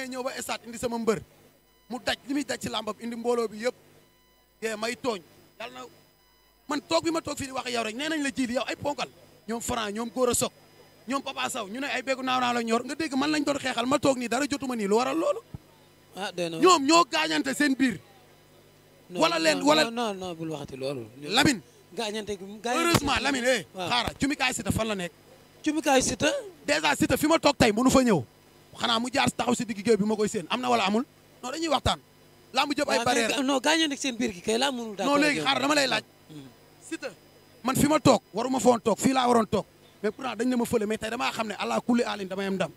damee ñëw ba stade indi sama mbër mu daj li muy daj ci làmbam indi mbooloo bi yëpp may tooñ yàlla na man toog ma toog fii di wax yow rek nañ la jiili yow ay ponkal ñoom Franc ñoom Gora Sock ñoom Papa Sow ñu ne ay béggu naaw naaw la ñor nga dégg man lañ doon xeexal ma toog nii dara jotuma nii lu waral loolu ah ñoom ñoo gaañante seen biir wala leen wala non non bul waxati loolu Lamine gaañante heureusement Lamine eh xaara cumikaay Siteu fan la nekk cumikaay Siteu dèjà Siteu fi ma toog tey mënu fa ñëw xanaa mu jaar taxaw si digg géew bi ma koy séen am na wala amul non dañuy waxtaan lamb jëpp ay barrière non gaañoo nekk seen biir gi kay laa mënul non léegi xaar dama lay laaj hmm. Siteu man fi ma toog waruma foon toog fii laa waroon toog mais pourtant dañ ne ma fële mais tey damaa xam ne allah kulli alin damay am ndam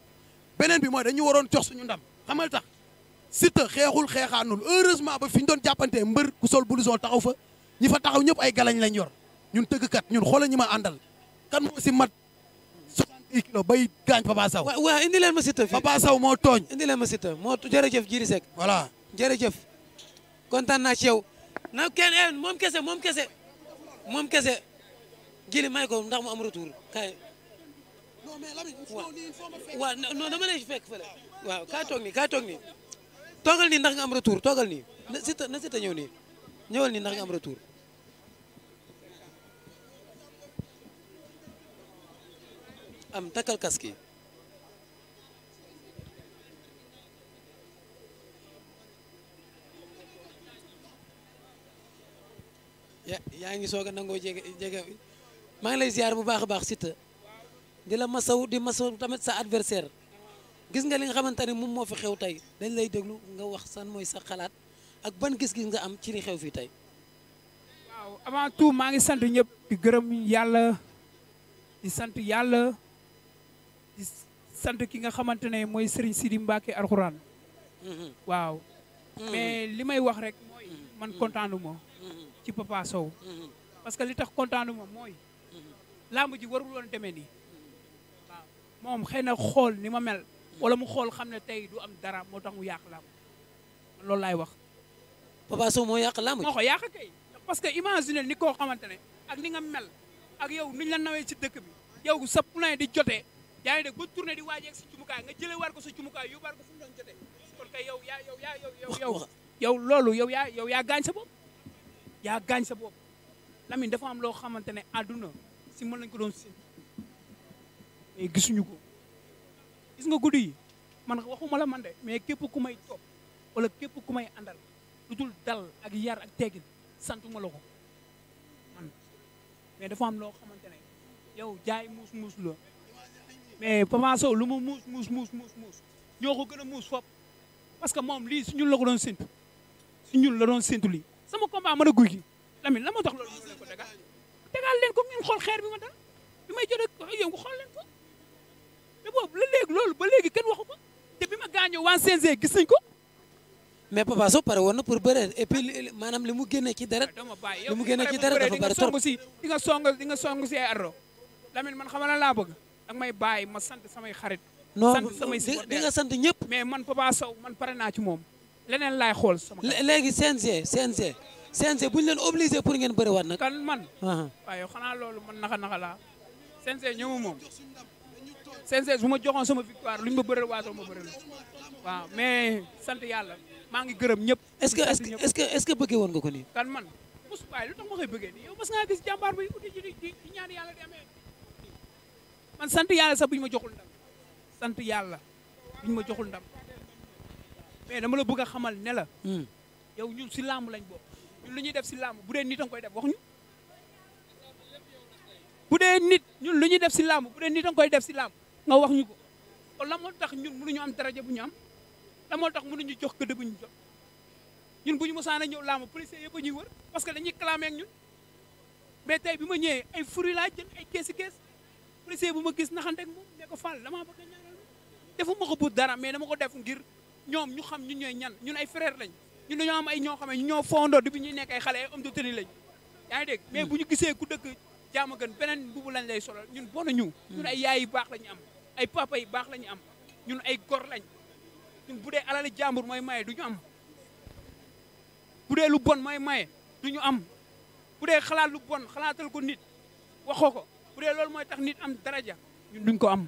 beneen bi mooy dañu waroon jox suñu ndam xamal tax Siteu xeexul xeexaanul heureusement ba fi ñu doon jàppantee mbër ku sol blouson taxaw fa ñi fa taxaw ñëpp ay galañ lañ yor ñun tëggkat ñun xoolal ñi ma àndal kan moo 10 kilos bay gaañ Papa Sow. waaw ma Siteu fii moo tooñ. indi leen ma Siteu moo jërëjëf Djily Seck. voilà jërëjëf kontaan naa ci na kenn eh, moom kese moom kese moom kese Djily may ko ndax mu am retour kay. non mais Lamine waaw non dama lay fekk fële waaw kaa toog toogal nii ndax nga am retour na Siteu ñëw nii ñëwal nii ndax nga am takkal casque yi yaa ngi soog a nangoo jege maa ngi lay ziar bu baax a baax Siteu di la masaw di masaw tamit sa adversaire gis nga li nga xamante ne moom moo fi xew tey dañ lay déglu nga wax san moy sa xalaat ak ban gis-gis nga am ci li xew fii tey waaw avant tout maa ngi sant ñëpp di gërëm yàlla di sant yàlla sant ki nga xamante ne mooy Serigne Sidi Mbacke Alxuraan mm-hmm. waaw mm-hmm. mais li may wax rek mooy mm-hmm. man kontaanu ma ci Papa Sow parce que li tax kontaanu ma mooy làmb ji warul woon demee nii moom xëy na xool ni ma mel wala mu xool xam ne tey du am dara moo tax mu yàq làmb loolu laay wax Papa Sow moo yàq làmb ji moo ko yàq kay parce que imagine ni koo xamante ne ak ni nga mel ak yow niñ la nawee ci dëkk bi yow sa plein di jotee yaa ngi dégg ba tourné di waaj ak sa cumukaay nga jëlee war ko sa cumukaay yóbbaar ko fu mu doon jotee kon kay yow yaa yow yaa yow yow yow loolu yow yaa yow yaa gaañ sa bopp yaa gaañ sa bopp Lamine dafa am loo xamante ne àdduna si mën nañ ko doon si mais gisuñu ko gis nga guddi yi man waxuma la man de mais képp ku may topp wala képp ku may àndal lu dul dal ak yar ak teggin santuma la ko man mais dafa am loo xamante ne yow jaay muus muus la mais Papa Sow lu mu muus muus muus muus muus ñoo ko gën a muus fop parce que moom lii su ñun la ko doon séntu su ñun la doon séntu lii sama combat mën a guy gi Lamine la ma tax loolu ko dagal leen ko ngeen xool xeer bi ma dal bi may jëlee yow nga xool leen ko te loolu ba léegi kenn waxu ko te bi ma gaañoo waa CNG gis nañ ko mais Papa Sow pare woon na pour bëre et puis maanaam li mu génnee ci deret li mu génnee ci deret dafa bari trop nga song si di nga song si ay ardo Lamine man la laa bëgg danga may bàyyi ma sant samay xarit. sant samay supporters sant ñëpp. mais man Papa saw man pare naa ci moom leneen laay xool sama. léegi CNG CNG. CNG bu ñu leen obligé pour ngeen bëriwaat nag. kan man. waaw yow loolu man naxa naxa laa. CNG ñëwuma moom. CNG bu ma joxoon sama victoire luñ ma bëreel waatoo ma bëreel waaw mais sant yàlla maa ngi gërëm ñëpp. est-ce que est-ce que est-ce que bëggee woon nga ko nii. kan man mosu bàyyi lu tax ma koy bëggee nii man sant yàlla sax bu ñu ma joxul ndam sant yàlla bu ñu ma joxul ndam na dama la bugg a xamal ne la. Hmm. yow ñun si làmb lañ bokk ñun lu ñuy def si làmb bu dee nit a koy def wax ñu. bu dee nit ñun lu ñuy def si làmb bu dee nit a koy def si làmb nga wax ñu ko kon la moo tax ñun mënuñu am daraja bu ñu am la moo tax ñu jox këdd bu ñu jox ñun bu ñu mosaan a ñëw làmb policier yëpp a ñuy wër parce que dañuy clamé ak ñun mais tey bi ma ñëwee ay fruits laa ay keesi kees. policier bu ma gis naxanteeg moom ne ko Fall damaa bëgg a ñaanal ma ko bu dara mais dama ko def ngir ñoom ñu xam ñu ñooy ñan ñun ay frère lañ ñun dañoo am ay ñoo xam ne ñu ñoo fondoo depuis ñuy nekk ay xale ay homme de tenue lañ yaa ngi dégg hmm. mais bu ñu gisee ku dëkk jaama gën beneen mbubu lañ lay solal ñun bon ñu hmm. ñun ay yaay yu baax lañu am ay papa yu baax la ñu am ñun ay gor lañ ñun bu dee alali jàmbur mooy maye du am bu dee bon mooy maye du ñu am bu dee xalaat lu bon xalaatal ko nit waxoo ko bu dee loolu mooy tax nit am daraja ñun duñ ko am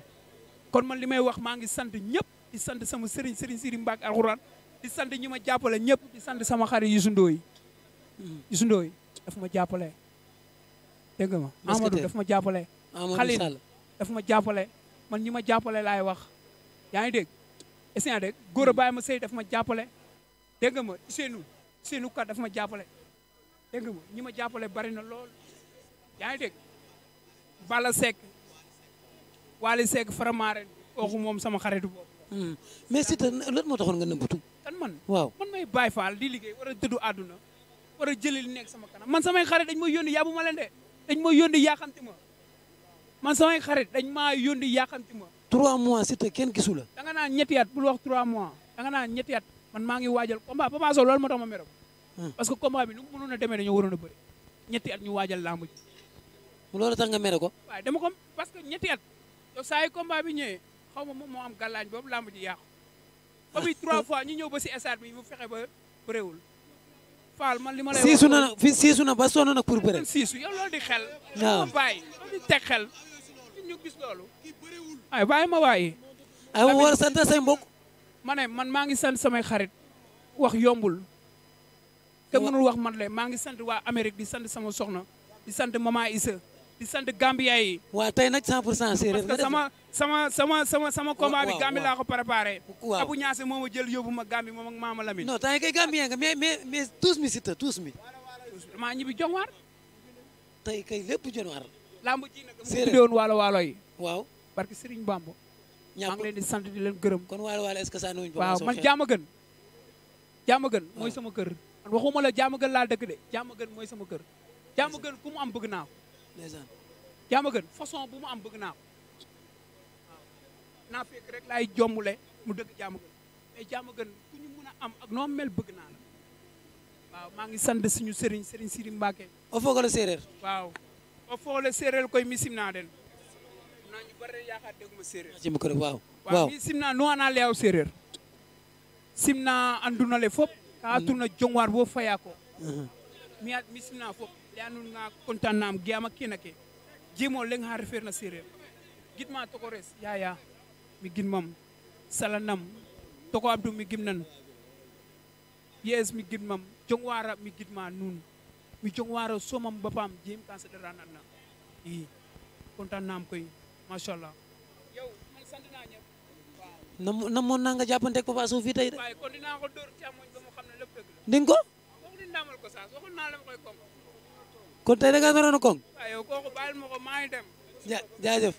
kon man li may wax maa ngi sant ñëpp di sant sama sëriñ sëriñ sëriñ Mbacké alxuraan di sant ñi ma jàppale ñëpp di sant sama xarit Youssou Ndoye Youssou Ndoye daf ma jàppale dégg nga ma Amadou daf ma jàppale Khalil daf ma jàppale man ñi ma jàppale laay wax yaa ngi dégg essayant dégg góor a bàyyi ma sëy daf ma jàppale dégg nga ma Ousseynou Ousseynou Ka daf ma jàppale dégg nga ma ñi ma jàppale bari na lool yaa ngi dégg Balla Seck Waly Seck Faramare kooku moom sama xaritu boobu. Hmm. mais Siteu lan moo taxoon nga nëbbatu. kan man waaw man may Baye Fall di liggéey war a dëddu àdduna war a jëli li nekk sama kanam man samay xarit dañ ma yaa bu ma leen de dañ ma yónni yaaxamti ma man samay xarit dañ maa yónni yaaxamti ma. 3 mois Siteu kenn gisu la. da nga naan ñetti at bul wax 3 mois da nga ñetti at man maa ngi waajal combat Papa Sow loolu moo tax ma meram hmm. parce que combat bi nu mu mënoon a demee dañoo waroon a bëri ñetti at ñu waajal lamb ji loolu tax nga mere ko. waaw dama ko parce que ñetti at yow saa yu combat bi ñëwee xaw ma moom moo am gàllaañ boobu làmb ji yàqu. ba bi trois fois ñu ñëw ba si stade bi mu fexe ba bëreewul. Fall man li ma lay wax siisu na fi siisu na ba sonn na pour bëre. siisu yow loolu di xel. waaw bàyyi di gis loolu. ay bàyyi ma waayi. ay war sant say mbokk. ma man maa ngi sant samay xarit. wax yombul. te mënul wax man le maa ngi sant waa Amérique di sant sama soxna di sant maman Issa di sant Gambia yi. waaw tey nag 100 pour cent séeréer nga def sama sama sama sama sama combat bi Gambie laa ko préparé. waaw Abu Ñaase moo ma jël yóbbu ma Gambie moom ak Maama Lamine. no temps kay Gambien nga mais mais mais tous mi Siteu tous mi. maa ñibbi jonwaar. tey kay lépp jonwaar. lamb ji nag mu tuddoon waalo waalo yi. waaw parce que Serigne Bamba. ñàkk maa ngi leen di sant di leen gërëm. kon waalo waalo est-ce que ça nuñ ba man jaama gën. jaama gën mooy sama kër. man waxuma la jaama gën laa dëkk de jaama gën mooy sama kër. jaama gën ku mu am bëgg naa ndeysaan yaa ma mu am bëgg naa fekk rek laay jombule mu dëgg jaama gën mais ku ñu mën am ak noo mel bëgg naa la waaw maa ngi sant suñu sëriñ sëriñ Sidi Mbacke o foog la séeréer waaw o foog la koy mi simnaa den naa ñu bari yaakaar dégguma séeréer waaw waaw mi simnaa nu ana leyaw séeréer simnaa anduna le fop mm-hmm. ka atuna jongwaar bo faya ko mm-hmm. mi simnaa fop leyanun nga contannam geama kene ke jimo leng ha refeerna sereer gidma tokores yaya mi gidmam salanam toko abdou mi gimnan mi gidmam jongwara mi gidma nun mi jongwara somam bapam jeem kan sedaran anna i contannam koy machallah yow man sant naa ñëpp waaw namoon naa nga jàppante ak papa Sow fii tey de waaye kon dinaa ko dóor càmmoñ ba mu xam ne lépp dëgg la ndinga kon tey da ngaa koŋ. yow kooku baal ma ko maa ngi dem. ja jaajëf.